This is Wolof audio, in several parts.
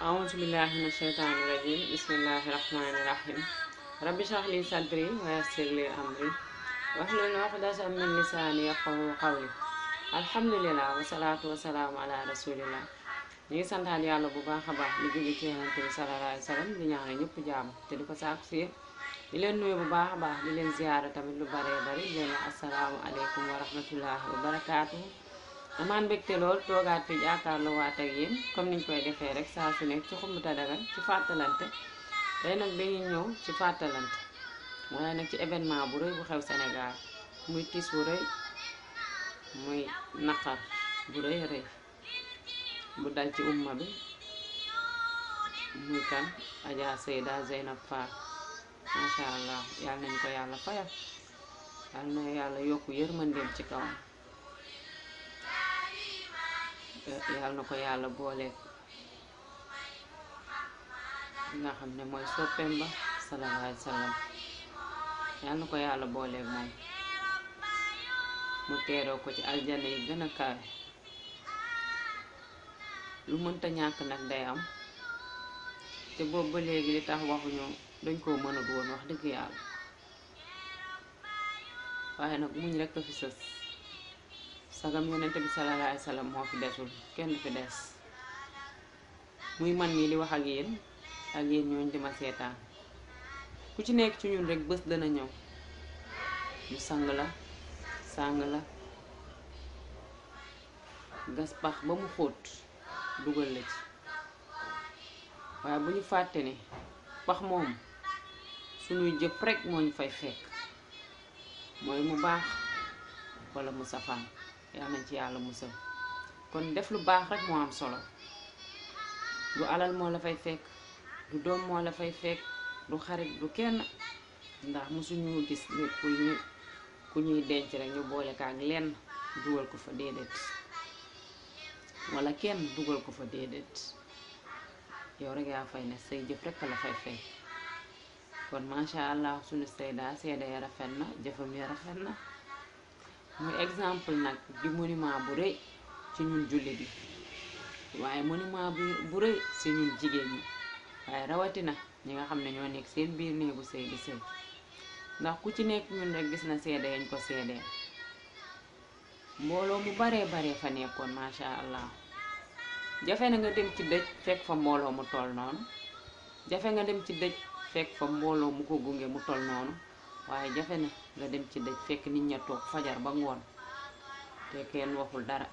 aouzu billahi mina sheytaani rajim bismillahi rahmani rahim rabbi shrah li sadri wa yassir li amri wahlul uqdatan min lisaani yafqahu qawli alhamdulillah wasalaatu wasalaamu ala rasulillah ñu ngi santaan yàlla bu baax a baax di julli ci yonente bi sallallahu alayhi wasallam di ñaanal ñëpp te di ko saaku si di leen nuyu bu baax a baax di leen ziyaara tamit lu baree bari di leen assalaamu aleykum wa wa barakaatuhu amaan mbégte lool toogaat fi jàkkaarloo waat ak yéen comme niñ koy defee rek saa su nekk ci xumb ta dagan ci fàttalante tey nag dañuy ñëw ci fàttalante waaye nag ci événement bu rëy bu xew Sénégal muy tiis bu rëy muy naqar bu rëy rëy bu dal ci umma bi muy kan Adja Seyda Zeynab Fall macha allah yàlla nañ ko yàlla fayal yàlla na yàlla yokku yërmandeem ci kaw yàlla na ko yàlla booleeg nga xam ne mooy soppeem ba sallallahu alayhi wa na ko yàlla booleeg moom mu teeroo ko ci aljana yi gën lu mënta ñàkk nag day am te boobu ba léegi li tax waxuñu dañ koo mënut woon wax dëgg yàlla waaye nag muñ rekk a fi sës sagam yonent bi sallallahu alayhi wa sallam moo fi desul kenn fi des muy man mii di wax ak yéen ak yéen ñooñu di ma seetaan ku ci nekk ci ñun rekk bës dana ñëw ñu sang la sang la gas pax ba mu xóot dugal la ci waaye bu ñu fàtte ni pax moom suñuy jëf rekk moo ñu fay fekk mooy mu baax walla mu safaan yal nañ ci yàlla musal kon def lu baax rek moo am solo du alal moo la fay fekk du doom moo la fay fekk du xarit du kenn ndax mosuñu gis nit ku ku ñuy denc rek ñu boole ko ak lenn dugal ko fa déedéet wala kenn dugal ko fa déedéet yow rek yaa fay ne say jëf rek la fay fay kon macha allah suñu sayda seede ya rafet na jëfam ya rafet na muy exemple nag di monument bu rëy ci ñun jullit yi waaye monument bu bu rëy ci ñun jigéen ñi waaye rawatina ñi nga xam ne ñoo nekk seen biir néegu sëy di sëy ndax ku ci nekk ñun rek gis na seede yañ ko seedee mbooloo mu baree baree fa nekkoon macha allah jafe na nga dem ci dëj fekk fa mbooloo mu toll noonu jafe nga dem ci dëj fekk fa mbooloo mu ko gunge mu toll noonu waaye jafe na nga dem ci dëj fekk nit ña toog fajar ba ngoon te kenn waxul dara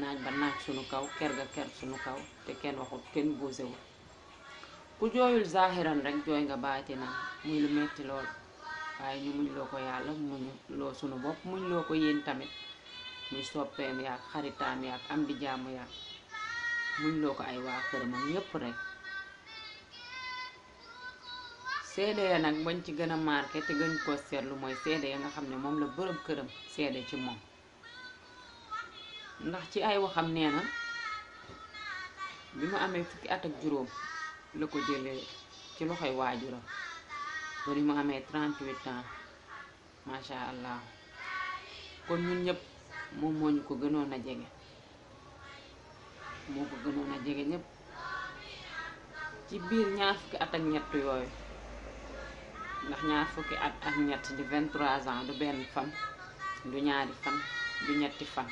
naaj ba naaj sunu kaw ker ga ker sunu kaw te kenn waxul kenn boosewul ku jooyul zaahiran rek jooy nga baatinam muy lu metti lool waaye ñu muñ loo ko yàlla muñ loo sunu bopp muñ loo ko yéen tamit muy soppeem yaag xaritaam yaag am di jaamu yaag muñ loo ko ay waa këramam yépp rek seede ya nag bañ ci gën a marqué te gën koo seetlu mooy seede ya nga xam ne moom la bërëb këram seede ci moom ndax ci ay waxam nee na bi mu amee fukki at ak juróom la ko jëlee ci loxoy waajuram ba ni mu amee 38 ans macha allah kon ñun ñëpp moom moo ñu ko gënoon a jege moo ko gënoon a jege ñépp ci biir ñaar fukki at ak ñett yooyu ndax ñaar fukki at ak ñett di 23 ans du benn fan du ñaari fan du ñetti fan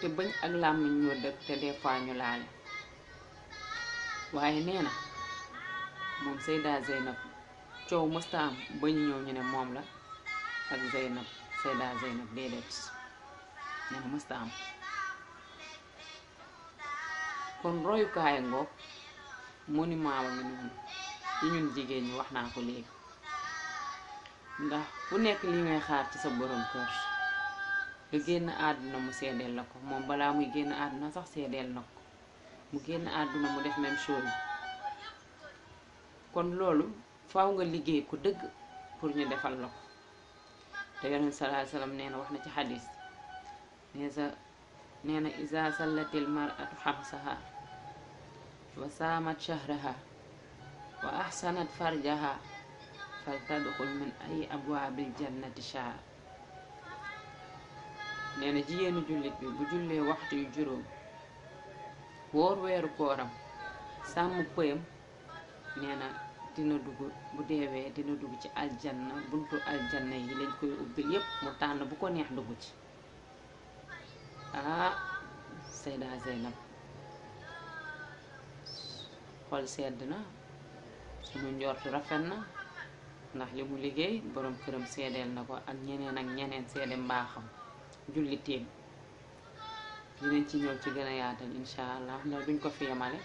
te bëñ ak làmmiñ ñoo dëkk te des fois ñu laale waaye nee na moom Seyda Zeynab coow mësta am ba ñu ne moom la ak Zeynab Seyda Zeynab déedéet nee na mësta am kon royukaay ngoog monument wa noonu ci ñun jigéen ñi wax naa ko léegi ndax ku nekk li ngay xaar ci sa borom kër nga génn àdduna mu seedeel la ko moom balaa muy génn àdduna sax seedeel na ko mu génn àdduna mu def même chose kon loolu faw nga liggéey ku dëgg pour ñu defal la ko te yonent salaay nee na wax na ci xadis nee sa nee na isa sallatil maratu xamsaha saamat shahraha wa ahsanat farjaha faltadxul min ay abwaabil jannati shaa nee jigéenu jullit bi bu jullee waxtu yu juróom wóor weeru kooram sàmm pëyam nee na dina dugg bu deewee dina dugg ci aljanna buntu aljanna yi lañ koy ubbil yépp mu tànn bu ko neex dugg ci ah Seyda Zeynab xol sedd na suñu njortu rafet na ndax li mu liggéey borom këram seedeel na ko ak ñeneen ak ñeneen seede mbaaxam julliteem tiim dinañ ci ñëw ci gën a yaatal incha allah ndax duñ ko fi yemale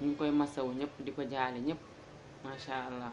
ñu ngi koy masawu ñëpp di ko jaale ñëpp macha allah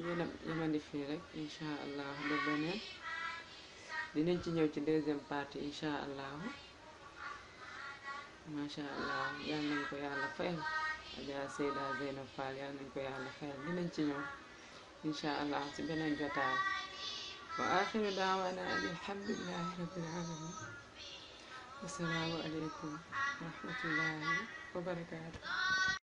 ñu yemandi fii rek incha allahu ba beneen dinañ ci ñëw ci deuxième partie incha allahu macha allah yal nañ ko yàlla fayal Adja Seyda Zeynab Fall yal nañ ko yàlla fayal dinañ ci ñëw incha allah ci beneen jotaay wa axiru daawana an alhamdulilahi rabbil alamin assalaamu aleykum barakaatu